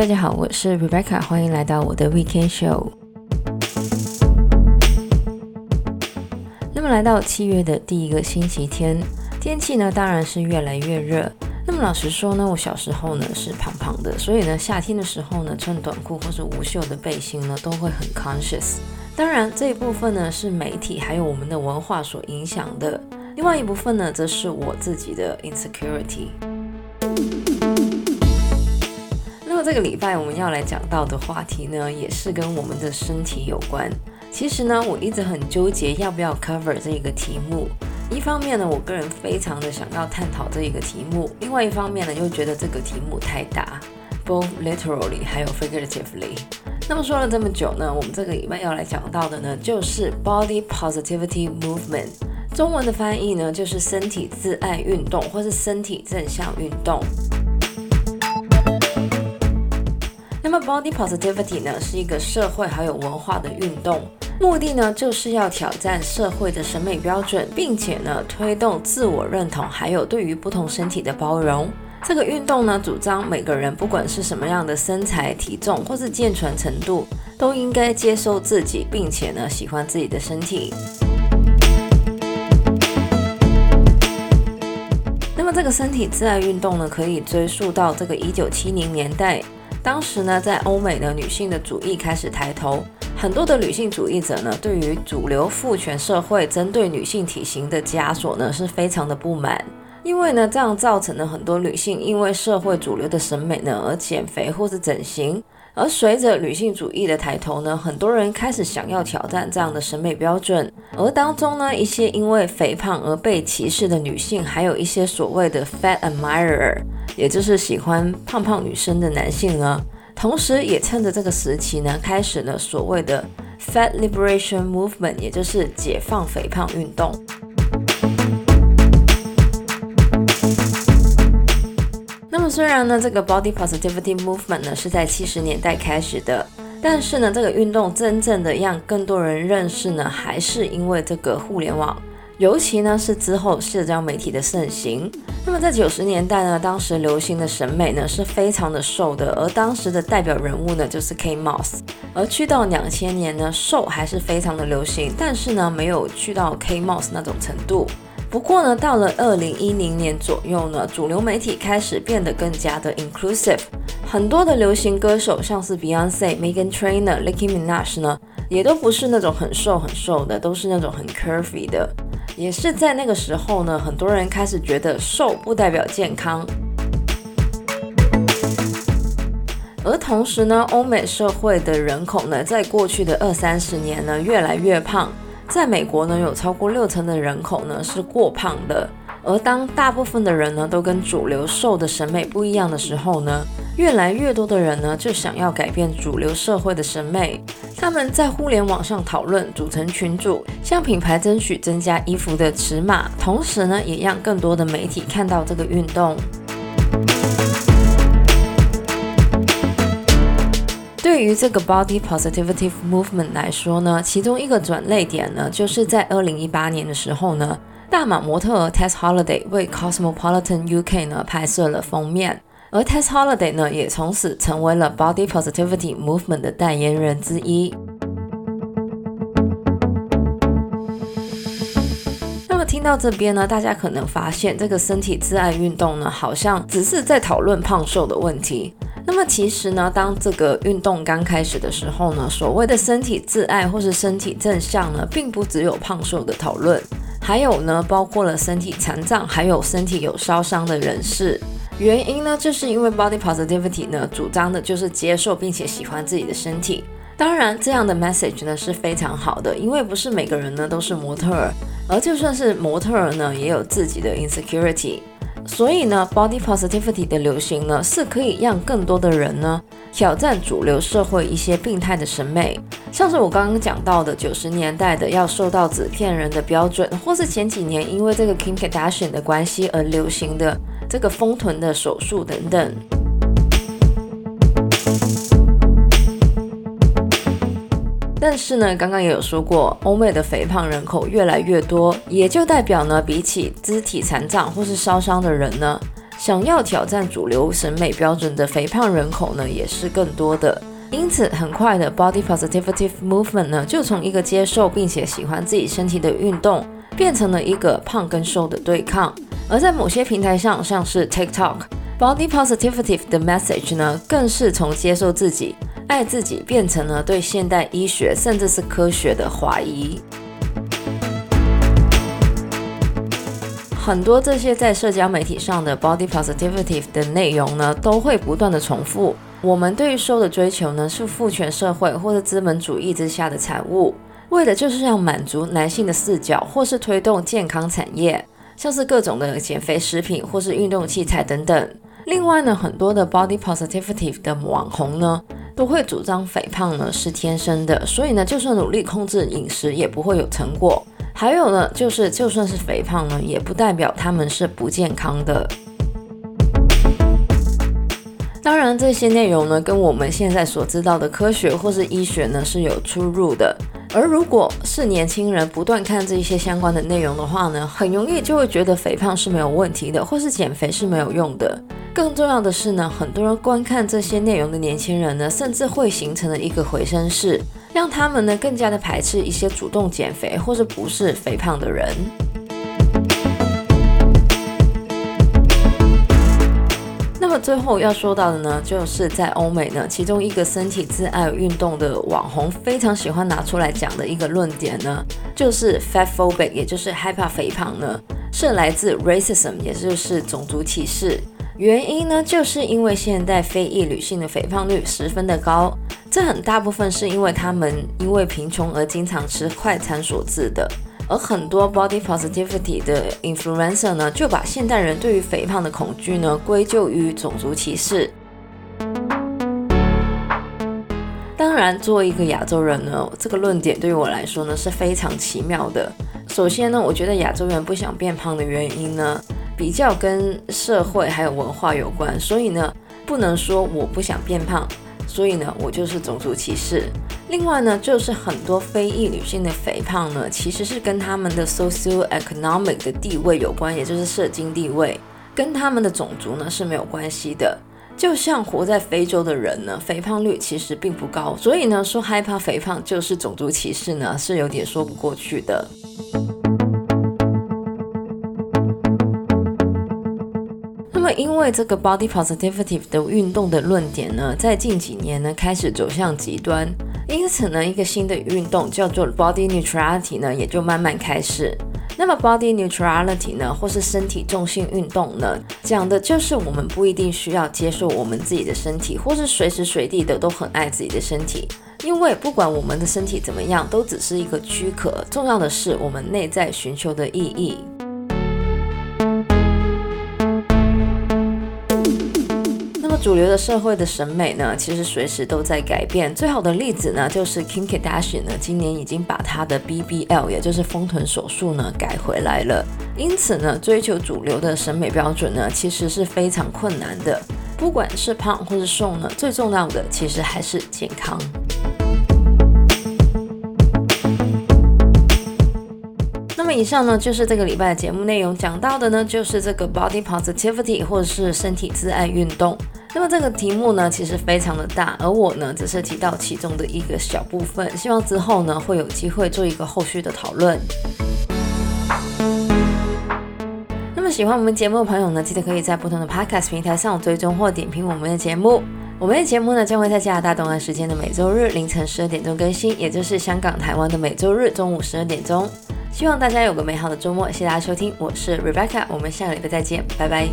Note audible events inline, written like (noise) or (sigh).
大家好，我是 Rebecca，歡迎來到我的 Weekend Show。那麼來到七月的第一個星期天，天氣呢當然是越來越熱。那麼老實說呢，我小時候呢是胖胖的，所以呢夏天的時候呢穿短褲或者無袖的背心呢都會很 conscious。當然這一部分呢是媒體還有我們的文化所影響的，另外一部分呢則是我自己的 insecurity。 (noise) 這個禮拜我們要來講到的話題呢，也是跟我們的身體有關。其實呢，我一直很糾結要不要 cover 這一個題目。一方面呢，我個人非常的想要探討這一個題目，另外一方面呢，又覺得這個題目太大，both literally 還有 figuratively。那麼說了這麼久呢，我們這個禮拜要來講到的呢，就是 body positivity movement。中文的翻譯呢，就是身體自愛運動，或是身體正向運動。那麼，Body Positivity 呢是一個社會還有文化的運動，目的呢就是要挑戰社會的審美標準，並且呢推動自我認同，還有對於不同身體的包容。這個運動呢主張每個人不管是什麼樣的身材、體重或是健全程度，都應該接受自己，並且呢喜歡自己的身體。那麼，這個身體自愛運動呢可以追溯到這個一九七零年代。當時呢，在歐美的女性的主義開始抬頭，很多的女性主義者呢，對於主流父權社會針對女性體型的枷鎖呢，是非常的不滿，因為呢，這樣造成了很多女性因為社會主流的審美呢，而減肥或是整形。而隨着女性主義的抬頭呢，很多人開始想要挑戰這樣的審美標準。而當中呢，一些因為肥胖而被歧視的女性，還有一些所謂的 fat admirer，也就是喜歡胖胖女生的男性呢，同時也趁着這個時期呢，開始了所謂的 fat liberation movement，也就是解放肥胖運動。雖然呢，這個 body positivity movement 呢是在七十年代開始的，但是呢，這個運動真正的讓更多人認識呢，還是因為這個互聯網，尤其呢是之後社交媒體的盛行。那麼在九十年代呢，當時流行的審美呢是非常的瘦的，而當時的代表人物呢就是 K. Moss。而去到兩千年呢，瘦還是非常的流行，但是呢，沒有去到 K. Moss 那種程度。不過呢，到了二零一零年左右呢，主流媒體開始變得更加的 inclusive，很多的流行歌手，像是 Beyonce、Meghan Trainor、Nicki Minaj 呢，也都不是那種很瘦很瘦的，都是那種很 curvy 的。也是在那個時候呢，很多人開始覺得瘦不代表健康。而同時呢，歐美社會的人口呢，在過去的二三十年呢，越來越胖。在美國呢，有超過六成的人口呢是過胖的。而當大部分的人呢都跟主流瘦的審美不一樣的時候呢，越來越多的人呢就想要改變主流社會的審美。他們在互聯網上討論，組成群組，向品牌爭取增加衣服的尺碼，同時呢也讓更多的媒體看到這個運動。對於這個 body positivity movement 來說呢，其中一個轉捩點呢，就是在二零一八年的時候呢，大馬模特 Tess Holliday 為 Cosmopolitan UK 呢拍攝了封面，而 Tess Holliday 呢也從此成為了 body positivity movement 的代言人之一。那麼聽到這邊呢，大家可能發現這個身體自愛運動呢，好像只是在討論胖瘦的問題。那麼其實呢，當這個運動剛開始的時候呢，所謂的身體自愛或是身體正向呢，並不只有胖瘦的討論，還有呢，包括了身體殘障，還有身體有燒傷的人士。原因呢，就是因為 body positivity 呢，主張的就是接受並且喜歡自己的身體。當然，這樣的 message 呢是非常好的，因為不是每個人呢都是模特兒，而就算是模特兒呢，也有自己的 insecurity。所以呢，body positivity 的流行呢，是可以讓更多的人呢挑戰主流社會一些病態的審美，像是我剛剛講到的九十年代的要瘦到紙片人的標準，或是前幾年因為這個 Kim Kardashian 的關係而流行的這個豐臀的手術等等。但是呢，剛剛也有說過，歐美的肥胖人口越來越多，也就代表呢，比起肢體殘障或是燒傷的人呢，想要挑戰主流審美標準的肥胖人口呢，也是更多的。因此，很快的 body positivity movement 呢，就從一個接受並且喜歡自己身體的運動，變成了一個胖跟瘦的對抗。而在某些平台上，像是 TikTok，body positivity 的 message 呢，更是從接受自己。愛自己變成了對現代醫學甚至是科學的懷疑。很多這些在社交媒體上的 body positivity 的內容呢，都會不斷的重複。我們對於瘦的追求呢，是父權社會或者資本主義之下的產物，為的就是要滿足男性的視角，或是推動健康產業，像是各種的減肥食品或是運動器材等等。另外呢，很多的 body positivity 的網紅呢。都會主張肥胖呢，是天生的，所以呢，就算努力控制飲食也不會有成果。還有呢，就是就算是肥胖呢，也不代表他們是不健康的。當然，這些內容呢跟我們現在所知道的科學或是醫學呢是有出入的。而如果是年輕人不斷看這些相關的內容的話呢，很容易就會覺得肥胖是沒有問題的，或是減肥是沒有用的。更重要的是呢，很多人觀看這些內容的年輕人呢，甚至會形成了一個回聲室，讓他們呢更加的排斥一些主動減肥或者不是肥胖的人。那麼最後要說到的呢，就是在歐美呢，其中一個身體自愛運動的網紅非常喜歡拿出來講的一個論點呢，就是 fatphobic，也就是害怕肥胖呢，是來自 racism，也就是種族歧視。原因呢，就是因為現代非裔女性的肥胖率十分的高，這很大部分是因為她們因為貧窮而經常吃快餐所致的。而很多 body positivity 的 influencer 呢，就把現代人對於肥胖的恐懼呢，歸咎於種族歧視。當然，作為一個亞洲人呢，這個論點對於我來說呢是非常奇妙的。首先呢，我覺得亞洲人不想變胖的原因呢，比較跟社會還有文化有關，所以呢，不能說我不想變胖，所以呢，我就是種族歧視。另外呢，就是很多非裔女性的肥胖呢，其實是跟他們的 socioeconomic 的地位有關，也就是社經地位，跟他們的種族呢是沒有關係的。就像活在非洲的人呢，肥胖率其實並不高，所以呢，說害怕肥胖就是種族歧視呢，是有點說不過去的。因為這個 body positivity 的運動的論點呢，在近幾年呢開始走向極端，因此呢，一個新的運動叫做 body neutrality 呢，也就慢慢開始。那麼 body neutrality 呢，或是身體中性運動呢，講的就是我們不一定需要接受我們自己的身體，或是隨時隨地的都很愛自己的身體，因為不管我們的身體怎麼樣，都只是一個軀殼，重要的是我們內在尋求的意義。主流的社會的審美呢，其實隨時都在改變。最好的例子呢，就是 Kim Kardashian 呢，今年已經把他的 BBL，也就是豐臀手術呢，改回來了。因此呢，追求主流的審美標準呢，其實是非常困難的。不管是胖或是瘦呢，最重要的其實還是健康。那麼以上呢，就是這個禮拜的節目內容，講到的呢，就是這個 Body Positivity，或者是身體自愛運動。那麼這個題目呢，其實非常的大，而我呢，只涉及到其中的一個小部分。希望之後呢，會有機會做一個後續的討論。 (noise) 那麼喜歡我們節目的朋友呢，記得可以在不同的 podcast 平台上追蹤或點評我們的節目。我們的節目呢，將會在加拿大東岸時間的每週日凌晨十二點鐘更新，也就是香港、台灣的每週日中午十二點鐘。希望大家有個美好的週末，謝謝大家收聽，我是 Rebecca，我們下個禮拜再見，拜拜。